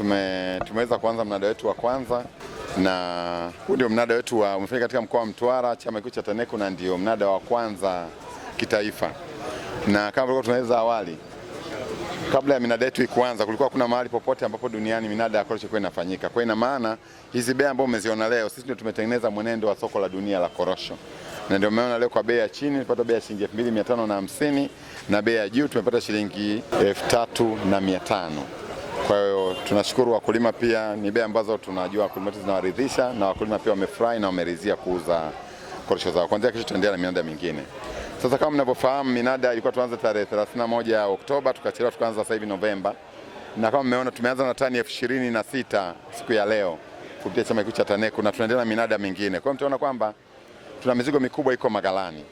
tume, tumeweza kuanza mnada wetu wa kwanza na huu ndio mnada wetu wa umefanyika katika mkoa wa Mtwara, chama kikuu cha TANECU, na ndio mnada wa kwanza kitaifa. Na kama tulikuwa tunaweza awali, kabla ya minada yetu kuanza, kulikuwa kuna mahali popote ambapo duniani minada ya korosho ilikuwa inafanyika. Kwa ina maana hizi bei ambazo umeziona leo, sisi ndio tumetengeneza mwenendo wa soko la dunia la korosho, na ndio umeona leo kwa bei ya chini tumepata bei ya shilingi 2550 na bei ya juu tumepata shilingi 3500. Kwa hiyo tunashukuru wakulima, pia ni bei ambazo tunajua wakulima wetu zinawaridhisha, na wakulima pia wamefurahi na wameridhia kuuza korosho zao. kwanzia kesho tutaendelea na minada mingine. Sasa kama mnavyofahamu, minada ilikuwa tuanze tarehe 31 Oktoba, tukachelewa tukaanza sasa hivi Novemba, na kama mmeona tumeanza na tani elfu ishirini na sita siku ya leo kupitia chama kikuu cha TANECU na tunaendelea na minada mingine. Kwa hiyo mtaona kwamba tuna mizigo mikubwa iko magalani.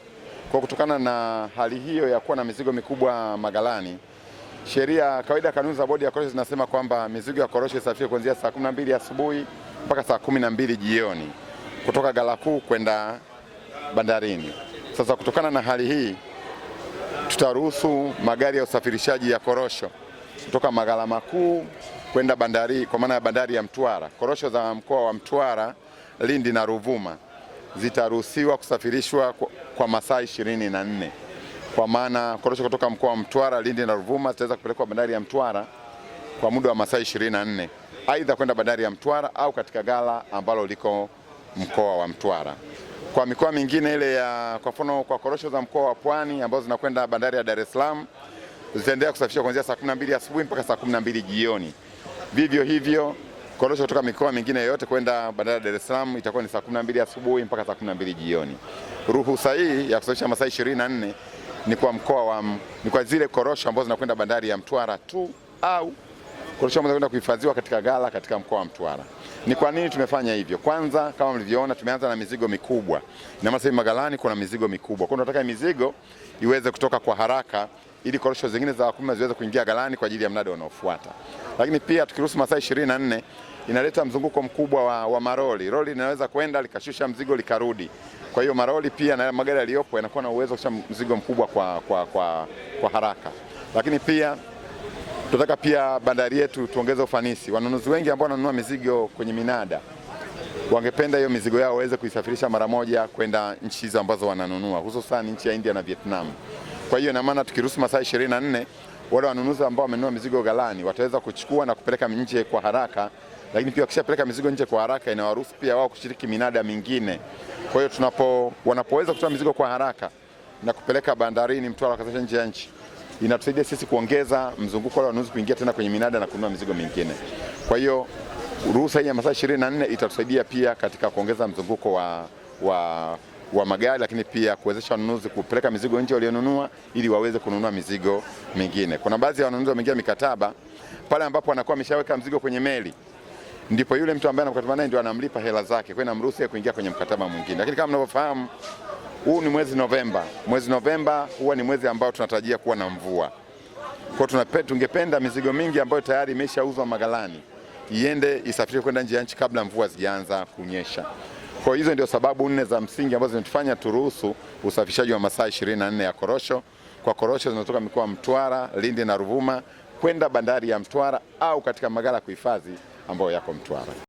Kwa kutokana na hali hiyo ya kuwa na mizigo mikubwa magalani Sheria kawaida, kanuni za bodi ya korosho zinasema kwamba mizigo ya korosho isafiri kuanzia saa 12 asubuhi mpaka saa 12 jioni kutoka gala kuu kwenda bandarini. Sasa kutokana na hali hii, tutaruhusu magari ya usafirishaji ya korosho kutoka magala makuu kwenda bandari, kwa maana ya bandari ya Mtwara. Korosho za mkoa wa Mtwara, Lindi na Ruvuma zitaruhusiwa kusafirishwa kwa masaa ishirini na nne kwa maana korosho kutoka mkoa wa Mtwara, Lindi na Ruvuma zitaweza kupelekwa bandari ya Mtwara kwa muda wa masaa 24 aidha kwenda bandari ya Mtwara au katika gala ambalo liko mkoa wa Mtwara. Kwa mikoa mingine ile ya kwa mfano, kwa korosho za mkoa wa Pwani ambazo zinakwenda bandari ya Dar es Salaam zitaendelea kusafishwa kuanzia saa 12 asubuhi mpaka saa 12 jioni. Vivyo hivyo korosho kutoka mikoa mingine yote kwenda bandari ya Dar es Salaam itakuwa ni saa 12 asubuhi mpaka saa 12 jioni. Ruhusa hii ya kusafisha masaa 24 ni kwa mkoa wa ni kwa zile korosho ambazo zinakwenda bandari ya Mtwara tu au korosho ambazo zinakwenda kuhifadhiwa katika gala katika mkoa wa Mtwara. Ni kwa nini tumefanya hivyo? Kwanza, kama mlivyoona, tumeanza na mizigo mikubwa, na magalani kuna mizigo mikubwa, kwa hiyo tunataka mizigo iweze kutoka kwa haraka ili korosho zingine za wakulima ziweze kuingia galani kwa ajili ya mnada unaofuata. Lakini pia tukiruhusu masaa ishirini na nne inaleta mzunguko mkubwa wa, wa maroli. Roli linaweza kwenda likashusha mzigo likarudi. Kwa hiyo maroli pia na magari yaliyopo yanakuwa na uwezo kusha mzigo mkubwa kwa, kwa, kwa, kwa haraka. Lakini pia tunataka pia bandari yetu tuongeze ufanisi. Wanunuzi wengi ambao wananunua mizigo kwenye minada wangependa hiyo mizigo yao waweze kuisafirisha mara moja kwenda nchi hizo ambazo wananunua, hususan nchi ya India na Vietnam. Kwa hiyo ina maana tukiruhusu masaa 24 wale wanunuzi ambao wamenunua mizigo ghalani wataweza kuchukua na kupeleka nje kwa haraka, lakini pia wakishapeleka mizigo nje kwa haraka inawaruhusu pia wao kushiriki minada mingine. Kwa hiyo tunapo wanapoweza kutoa mizigo kwa haraka na kupeleka bandarini Mtwara wakazesha nje ya nchi, inatusaidia sisi kuongeza mzunguko wa wanunuzi kuingia tena kwenye minada na kununua mizigo mingine. Kwa hiyo ruhusa hii ya masaa 24 itatusaidia pia katika kuongeza mzunguko wa, wa wa magari, lakini pia kuwezesha wanunuzi kupeleka mizigo nje walionunua, ili waweze kununua mizigo mingine. Kuna baadhi ya wanunuzi wameingia mikataba pale ambapo anakuwa ameshaweka mzigo kwenye meli ndipo yule mtu ambaye anakutana naye ndio anamlipa hela zake, kwa inamruhusu kuingia kwenye mkataba mwingine. Lakini kama mnavyofahamu, huu ni mwezi Novemba. Mwezi Novemba huwa ni mwezi ambao tunatarajia kuwa na mvua, kwa tungependa mizigo mingi ambayo tayari imeshauzwa magalani iende isafiri kwenda nje ya nchi kabla mvua zijaanza kunyesha. Kwa hizo ndio sababu nne za msingi ambazo zimetufanya turuhusu usafishaji wa masaa 24 ya korosho. Kwa korosho zinatoka mikoa Mtwara, Lindi na Ruvuma kwenda bandari ya Mtwara au katika magala ya kuhifadhi ambayo yako Mtwara.